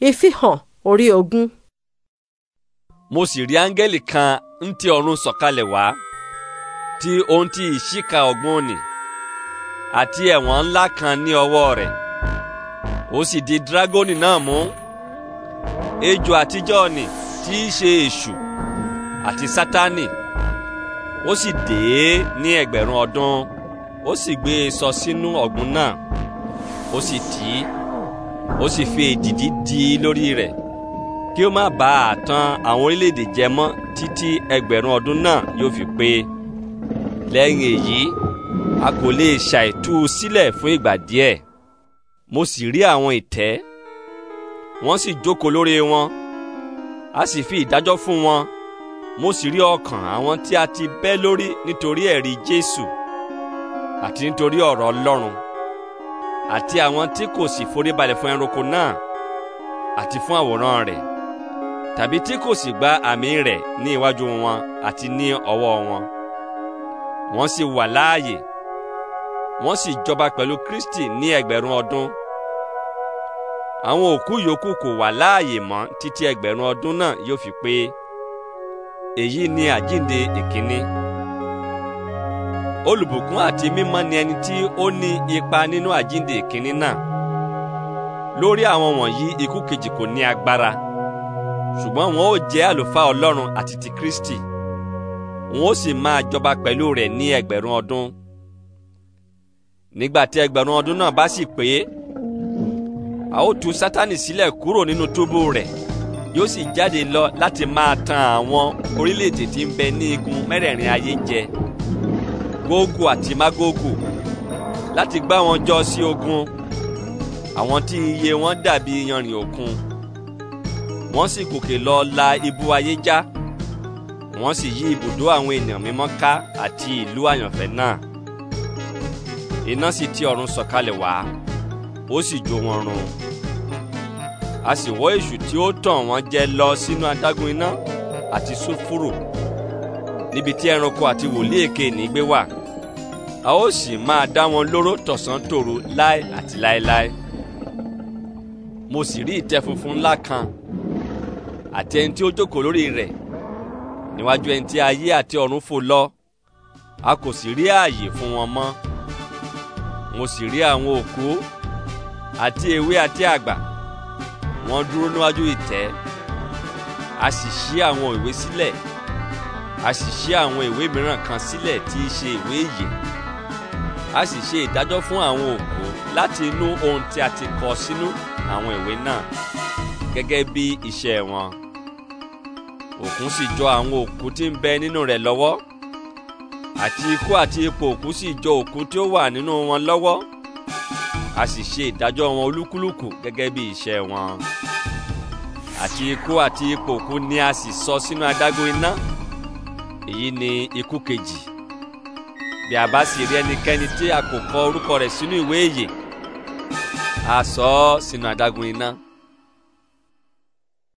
ìfihàn orí ogún. mo sì rí áńgẹ́lì kan ń ti ọ̀run sọ̀kalẹ̀ wá tí ohun ti ìṣíka ọ̀gbun ni àti ẹ̀wọ̀n ńlá kan ní ọwọ́ rẹ̀ ó sì di dragoni náà mú ejò àtijọ́ ni tí í ṣe èṣù àti sátánì ó sì dè ní ẹgbẹ̀rún ọdún ó sì gbé e sọ sínú ọ̀gbun náà ó sì tì í ó sì fi èdìdí di lórí rẹ̀ kí ó má bàa tàn àwọn orílẹ̀-èdè jẹ mọ́ títí ẹgbẹ̀rún ọdún náà yóò fi pé lẹ́yìn èyí a kò lè ṣàìtú sílẹ̀ fún ìgbà díẹ̀ mo sì rí àwọn ìtẹ́ wọ́n sì jókòó lórí wọn a sì fi ìdájọ́ fún wọn mo sì rí ọkàn àwọn tí a ti bẹ́ lórí nítorí ẹ̀rí Jésù àti nítorí ọ̀rọ̀ Ọlọ́run àti àwọn tí kò sì foríbalẹ̀ fún ẹranko náà àti fún àwòrán rẹ̀ tàbí tí kò sì gba àmì rẹ̀ ní iwájú wọn àti ní ọwọ́ wọn wọ́n sì wà láàyè wọ́n sì jọba pẹ̀lú Kristi ní ẹgbẹ̀rún ọdún àwọn òkú yòókù kò wà láàyè mọ́ títí ẹgbẹ̀rún ọdún náà yóò fi pé èyí ni àjíǹde ìkíní. E olùbùkún àti mímọ́ ni ẹni tí ó ní ipa nínú àjíǹde ìkíní náà lórí àwọn wọ̀nyí ikú kejì kò ní agbára ṣùgbọ́n wọn ó jẹ́ àlùfáà ọlọ́run àti ti kristi wọn ó sì máa jọba pẹ̀lú rẹ̀ ní ẹgbẹ̀rún ọdún nígbà tí ẹgbẹ̀rún ọdún náà bá sì pé a ó tú sátánì sílẹ̀ kúrò nínú túbú rẹ̀ yóò sì jáde lọ láti máa tan àwọn orílẹ̀-èdè tí ń bẹ ní igun mẹ́rẹ̀ẹ̀rin ayé jẹ gógù àti mágógù láti gbá wọn jọ sí ogun àwọn tí iye wọn dàbí iyanrìn òkun wọ́n sì gòkè lọ la ibú ayé já wọ́n sì yí ibùdó àwọn ènìyàn mímọ́ ká àti ìlú àyànfẹ́ náà iná sì ti ọ̀run sọ̀kalẹ̀ wá ó sì jó wọn run a sì wọ́ èṣù tí ó tàn wọ́n jẹ lọ sínú adágún iná àti sulfuru níbi tí ẹranko àti wòlíì èké nígbé wà a ó sì máa dá wọn lóró tọ̀sán tòru láì àti láéláé mo sì rí ìtẹ́ funfun ńlá kan àti ẹni tí ó jókòó lórí rẹ̀ níwájú ẹni tí ayé àti ọ̀run fò lọ a kò sì rí ààyè fún wọn mọ́ mo sì rí àwọn òkú àti èwe àti àgbà wọ́n dúró níwájú ìtẹ́ a sì ṣí àwọn ìwé sílẹ̀. Si a sì ṣí àwọn ìwé mìíràn kan sílẹ̀ tí í ṣe ìwé ìyè a sì ṣe ìdájọ́ fún àwọn òkú láti inú ohun tí a ti kọ sínú àwọn ìwé náà gẹ́gẹ́ bí iṣẹ́ wọn òkun sì jọ àwọn òkú tí ń bẹ nínú rẹ̀ lọ́wọ́ àti ikú àti ipò òkú sì jọ òkú tí ó wà nínú wọn lọ́wọ́ a sì ṣe ìdájọ́ wọn olúkúlùkù gẹ́gẹ́ bí iṣẹ́ wọn àti ikú àti ipò òkú ni a sì sọ sínú adágún iná èyí ni ikú kejì bí a bá sì rí ẹnikẹ́ni tí a kò kọ orúkọ rẹ̀ sínú ìwé ìyè a sọ ọ́ sínú adágún iná.